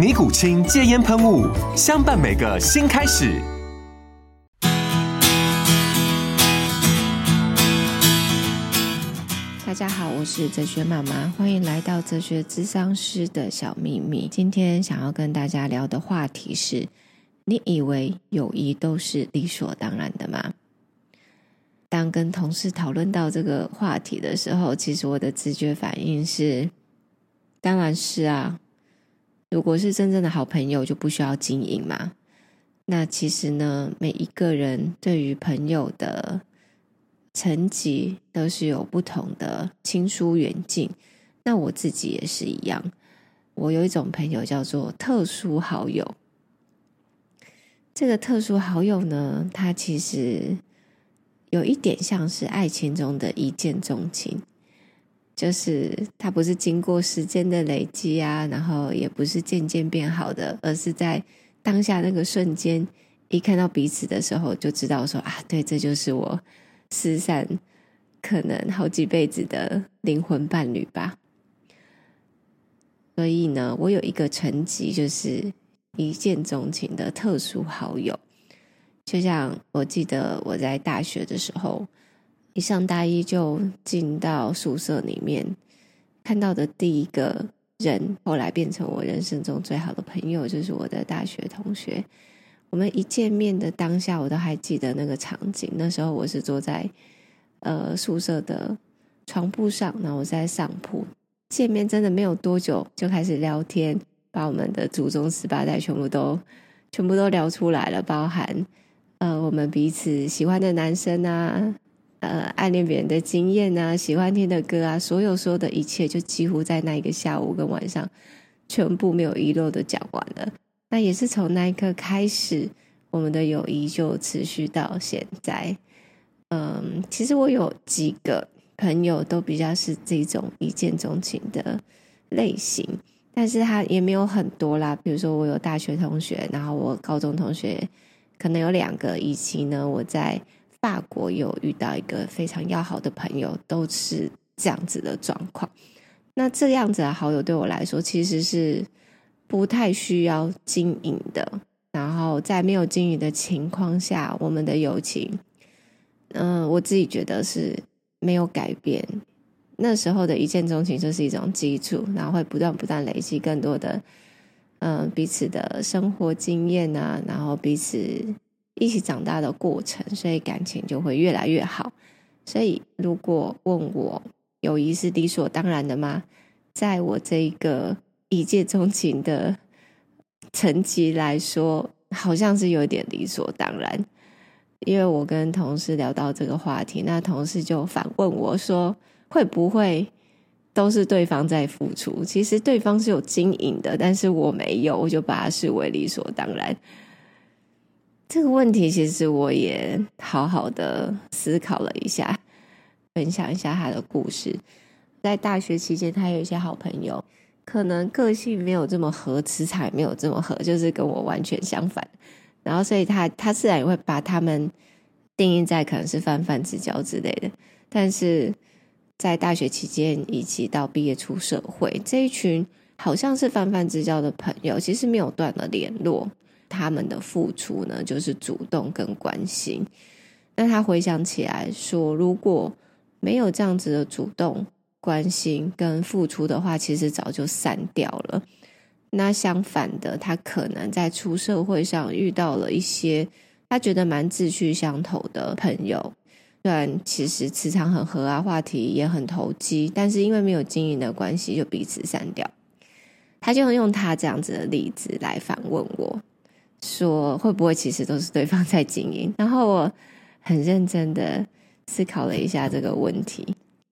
尼古清，戒菸噴霧，相伴每個新開始。大家好，我是哲學媽媽，歡迎來到哲學諮商師的小秘密。今天想要跟大家聊的話題是：你以為友誼都是理所當然的嗎？當跟同事討論到這個話題的時候，其實我的直覺反應是：當然是啊。如果是真正的好朋友，就不需要經營嘛。那其實呢，每一個人對於朋友的層級都是有不同的親疏遠近。那我自己也是一樣。我有一種朋友叫做特殊好友。這個特殊好友呢，他其實有一點像是愛情中的一見鍾情。就是他不是經過時間的累積啊，然後也不是漸漸變好的，而是在當下那個瞬間，一看到彼此的時候，就知道說啊，對，這就是我失散可能好幾輩子的靈魂伴侶吧。所以呢，我有一個層級，就是一見鍾情的特殊好友。就像我記得我在大學的時候。一上大一就進到宿舍裡面，看到的第一個人，後來變成我人生中最好的朋友，就是我的大學同學。我們一見面的當下，我都還記得那個場景。那時候我是坐在呃宿舍的床鋪上，然後我是在上鋪，見面真的沒有多久就開始聊天，把我們的祖宗十八代全部都全部都聊出來了，包含呃我們彼此喜歡的男生啊。呃，暗戀別人的經驗啊，喜歡聽的歌啊，所有所有的一切，就幾乎在那一個下午跟晚上，全部沒有遺漏的講完了。那也是從那一刻開始，我們的友誼就持續到現在。嗯，其實我有幾個朋友都比較是這種一見鍾情的類型，但是他也沒有很多啦。比如說，我有大學同學，然後我高中同學可能有兩個，以及呢，我在。法國有遇到一個非常要好的朋友，都是這樣子的狀況。那這樣子的好友對我來說，其實是不太需要經營的。然後在沒有經營的情況下，我們的友情，嗯、呃，我自己覺得是沒有改變。那時候的一見鍾情就是一種基礎，然後會不斷不斷累積更多的，嗯、呃，彼此的生活經驗啊，然後彼此，一起長大的過程，所以感情就會越來越好。所以，如果問我友誼是理所當然的嗎？在我這一個一見鍾情的層級來說，好像是有點理所當然。因為我跟同事聊到這個話題，那同事就反問我說：“會不會都是對方在付出？其實對方是有經營的，但是我沒有，我就把它視為理所當然。”這個問題其實我也好好的思考了一下，分享一下他的故事。在大學期間，他有一些好朋友，可能個性沒有這麼合，磁場也沒有這麼合，就是跟我完全相反。然後，所以他他自然也會把他們定義在可能是泛泛之交之類的。但是在大學期間以及到畢業出社會，這一群好像是泛泛之交的朋友，其實沒有斷了聯絡。他們的付出呢，就是主動跟關心。那他回想起來說，如果沒有這樣子的主動關心跟付出的話，其實早就散掉了。那相反的，他可能在出社會上遇到了一些他覺得蠻志趣相投的朋友，雖然其實磁場很和啊，話題也很投機，但是因為沒有經營的關係，就彼此散掉。他就用他這樣子的例子來反問我。說會不會其實都是對方在經營？然後我很認真的思考了一下這個問題，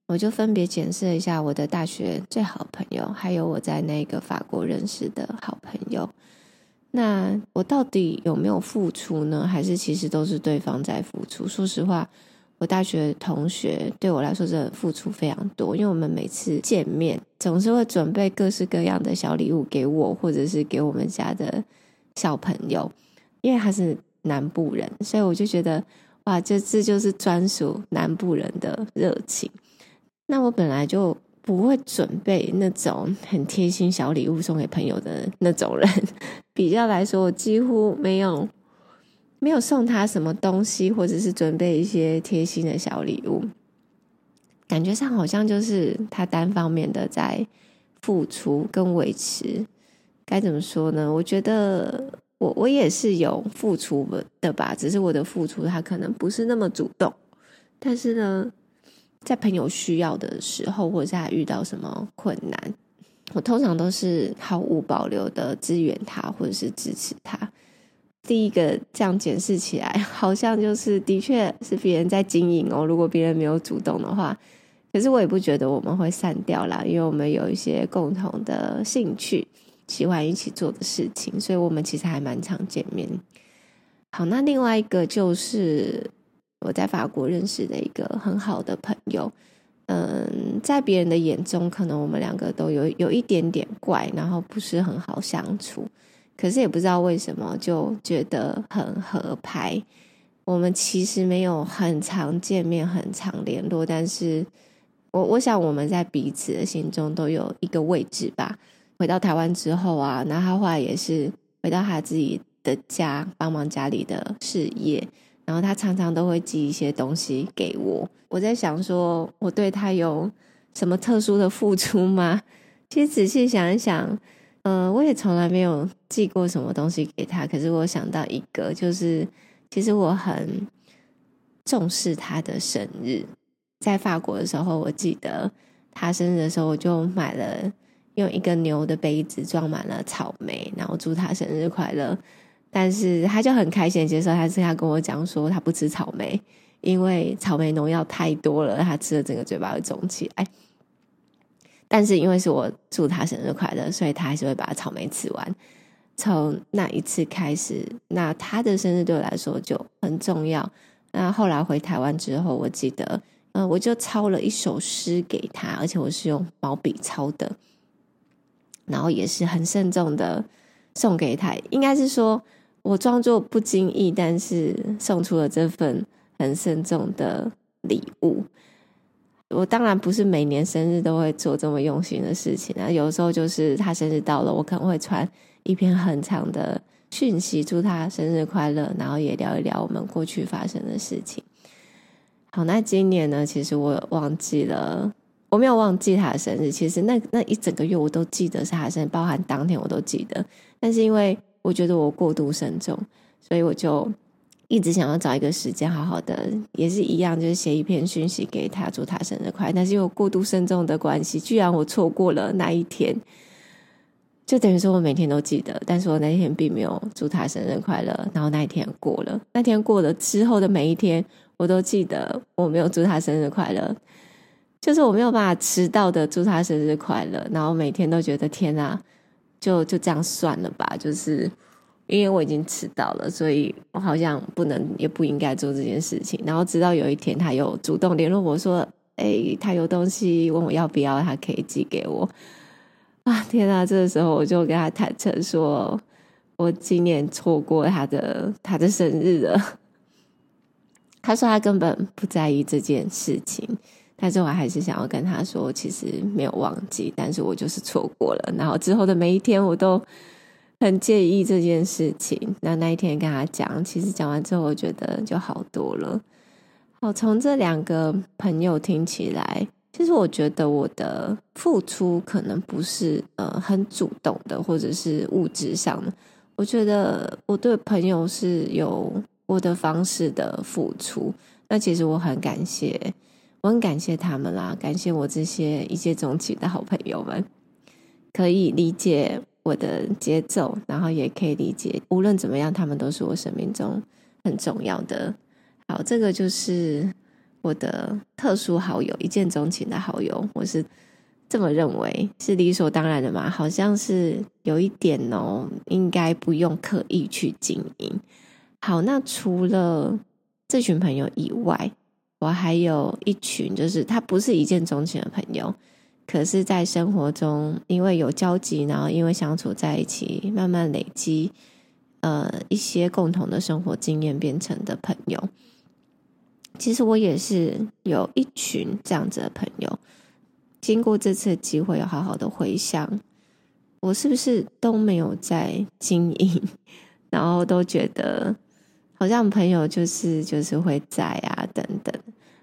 我就分別檢視了一下我的大學最好朋友，還有我在那個法國認識的好朋友。那我到底有沒有付出呢？還是其實都是對方在付出？說實話，我大學同學對我來說真的付出非常多，因為我們每次見面總是會準備各式各樣的小禮物給我，或者是給我們家的小朋友，因為他是南部人，所以我就覺得哇，這次就是專屬南部人的熱情。那我本來就不會準備那種很貼心小禮物送給朋友的那種人，比較來說，我幾乎沒有沒有送他什麼東西，或者是準備一些貼心的小禮物。感覺上好像就是他單方面的在付出跟維持。該怎麼說呢？我覺得我我也是有付出的吧，只是我的付出他可能不是那麼主動。但是呢，在朋友需要的時候，或者是他遇到什麼困難，我通常都是毫無保留地支援他或者是支持他。第一個這樣解釋起來，好像就是的確是別人在經營哦。如果別人沒有主動的話，可是我也不覺得我們會散掉啦，因為我們有一些共同的興趣。喜歡一起做的事情，所以我們其實還蠻常見面。好，那另外一個就是我在法國認識的一個很好的朋友。嗯，在別人的眼中，可能我們兩個都有有一點點怪，然後不是很好相處。可是也不知道為什麼，就覺得很合拍。我們其實沒有很常見面、很常聯絡，但是我我想我們在彼此的心中都有一個位置吧。回到台灣之後啊，然後他後來也是回到他自己的家，幫忙家裡的事業。然後他常常都會寄一些東西給我。我在想說，我對他有什麼特殊的付出嗎？其實仔細想一想，嗯、呃，我也從來沒有寄過什麼東西給他。可是我想到一個，就是其實我很重視他的生日。在法國的時候，我記得他生日的時候，我就買了。用一個牛的杯子裝滿了草莓，然後祝他生日快樂。但是他就很開心接受，他是他跟我講說他不吃草莓，因為草莓農藥太多了，他吃了整個嘴巴會腫起來。但是因為是我祝他生日快樂，所以他還是會把草莓吃完。從那一次開始，那他的生日對我來說就很重要。那後來回台灣之後，我記得，嗯，我就抄了一首詩給他，而且我是用毛筆抄的。然後也是很慎重的送給他，應該是說我裝作不經意，但是送出了這份很慎重的禮物。我當然不是每年生日都會做這麼用心的事情啊，那有時候就是他生日到了，我可能會傳一篇很長的訊息，祝他生日快樂，然後也聊一聊我們過去發生的事情。好，那今年呢？其實我忘記了。我沒有忘記他的生日，其實那那一整個月我都記得是他的生日，包含當天我都記得。但是因為我覺得我過度慎重，所以我就一直想要找一個時間好好的，也是一樣，就是寫一篇訊息給他，祝他生日快樂。但是因為我過度慎重的關係，居然我錯過了那一天，就等於說我每天都記得，但是我那一天並沒有祝他生日快樂。然後那一天過了，那天過了之後的每一天，我都記得我沒有祝他生日快樂。就是我沒有辦法遲到的，祝他生日快樂。然後每天都覺得天哪，就就這樣算了吧。就是因為我已經遲到了，所以我好像不能也不應該做這件事情。然後直到有一天，他又主動聯絡我說：“哎，他有東西問我要不要，他可以寄給我。”啊，天哪！這個時候我就跟他坦承說：“我今年錯過他的他的生日了。”他說他根本不在意這件事情。但是我還是想要跟他說，其實沒有忘記，但是我就是錯過了。然後之後的每一天，我都很介意這件事情。那那一天跟他講，其實講完之後，我覺得就好多了。好，從這兩個朋友聽起來，其實我覺得我的付出可能不是呃很主動的，或者是物質上的。我覺得我對朋友是有我的方式的付出。那其實我很感謝。我很感謝他們啦，感謝我這些一見鍾情的好朋友們，可以理解我的節奏，然後也可以理解，無論怎麼樣，他們都是我生命中很重要的。好，這個就是我的特殊好友，一見鍾情的好友，我是這麼認為，是理所當然的嘛？好像是有一點哦，應該不用刻意去經營。好，那除了這群朋友以外。我還有一群，就是他不是一見鍾情的朋友，可是，在生活中因為有交集，然後因為相處在一起，慢慢累積，呃，一些共同的生活經驗變成的朋友。其實我也是有一群這樣子的朋友，經過這次機會，要好好的回想，我是不是都沒有在經營，然後都覺得。好像朋友就是就是會在啊，等等，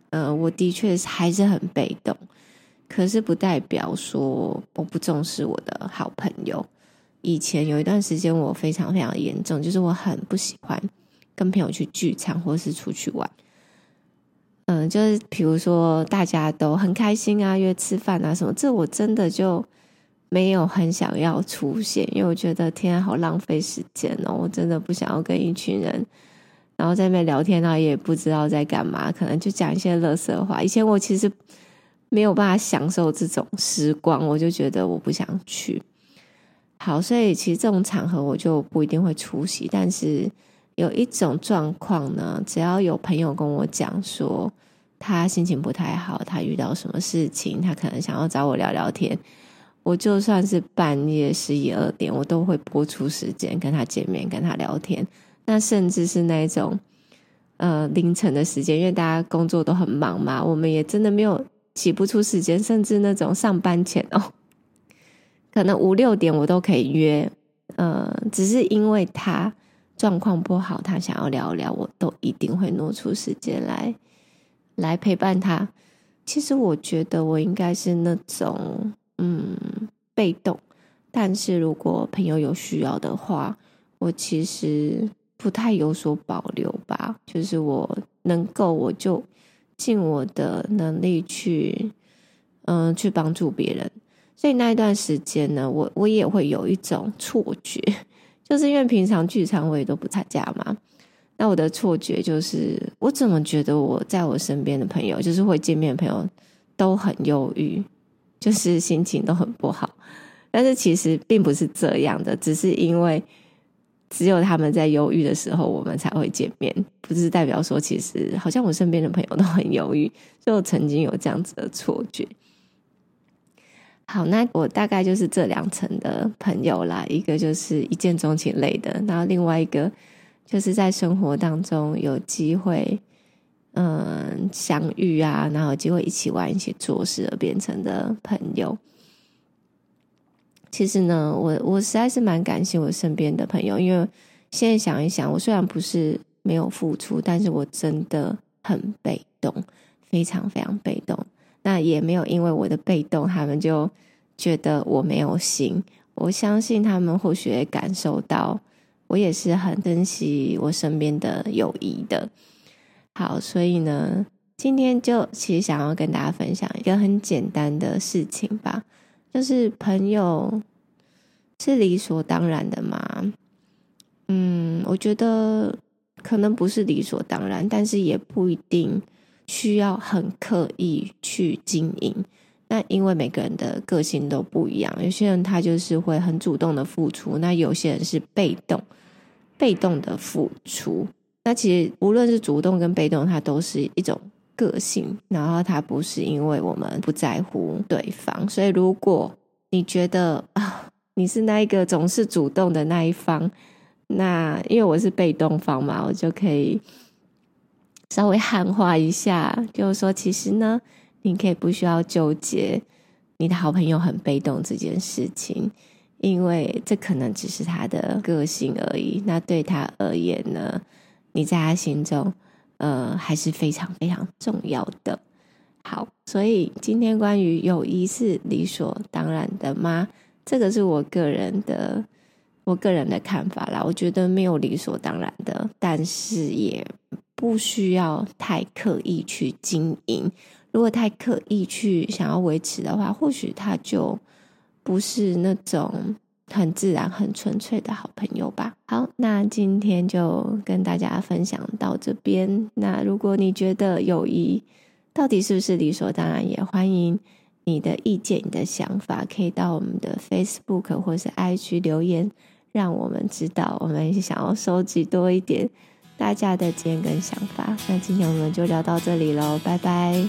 呃，我的確還是很被動，可是不代表說我不重視我的好朋友。以前有一段時間我非常非常嚴重，就是我很不喜歡跟朋友去聚餐或是出去玩。嗯、呃，就是比如說大家都很開心啊，約吃飯啊什麼，這我真的就沒有很想要出現，因為我覺得天好浪費時間哦，我真的不想要跟一群人。然後在那邊聊天，然後也不知道在幹嘛，可能就講一些垃圾話。以前我其實沒有辦法享受這種時光，我就覺得我不想去。好，所以其實這種場合我就不一定會出席。但是有一種狀況呢，只要有朋友跟我講說他心情不太好，他遇到什麼事情，他可能想要找我聊聊天，我就算是半夜十一二點，我都會撥出時間跟他見面，跟他聊天。那甚至是那種，呃，凌晨的時間，因為大家工作都很忙嘛，我們也真的沒有擠不出時間，甚至那種上班前哦，可能五六點我都可以約，呃，只是因為他狀況不好，他想要聊聊，我都一定會挪出時間來，來陪伴他。其實我覺得我應該是那種，嗯，被動，但是如果朋友有需要的話，我其實。不太有所保留吧，就是我能夠，我就盡我的能力去，嗯，去幫助別人。所以那一段時間呢，我我也會有一種錯覺，就是因為平常聚餐我也都不參加嘛。那我的錯覺就是，我怎麼覺得我在我身邊的朋友，就是會見面的朋友，都很憂鬱，就是心情都很不好。但是其實並不是這樣的，只是因為。只有他們在憂鬱的時候，我們才會見面。不是代表說，其實好像我身邊的朋友都很憂鬱，就曾經有這樣子的錯覺。好，那我大概就是這兩層的朋友啦，一個就是一見鍾情類的，然後另外一個就是在生活當中有機會，嗯，相遇啊，然後有機會一起玩、一起做事而變成的朋友。其實呢，我我實在是蠻感謝我身邊的朋友，因為現在想一想，我雖然不是沒有付出，但是我真的很被動，非常非常被動。那也沒有因為我的被動，他們就覺得我沒有心。我相信他們或許會感受到，我也是很珍惜我身邊的友誼的。好，所以呢，今天就其實想要跟大家分享一個很簡單的事情吧。但是朋友是理所當然的嗎？嗯，我覺得可能不是理所當然，但是也不一定需要很刻意去經營。那因為每個人的個性都不一樣，有些人他就是會很主動的付出，那有些人是被動，被動的付出。那其實無論是主動跟被動，他都是一種。個性，然後他不是因為我們不在乎對方。所以如果你覺得啊，你是那一個總是主動的那一方，那因為我是被動方嘛，我就可以稍微喊話一下，就是說，其實呢，你可以不需要糾結你的好朋友很被動這件事情，因為這可能只是他的個性而已。那對他而言呢，你在他心中。呃，還是非常非常重要的。好，所以今天關於友誼是理所當然的嗎？這個是我個人的，我個人的看法啦。我覺得沒有理所當然的，但是也不需要太刻意去經營。如果太刻意去想要維持的話，或許它就不是那種。很自然、很純粹的好朋友吧。好，那今天就跟大家分享到這邊。那如果你覺得友誼到底是不是理所當然，也歡迎你的意見、你的想法，可以到我們的 Facebook 或是 IG 留言，讓我們知道。我們想要收集多一點大家的意見跟想法。那今天我們就聊到這裡嘍，拜拜。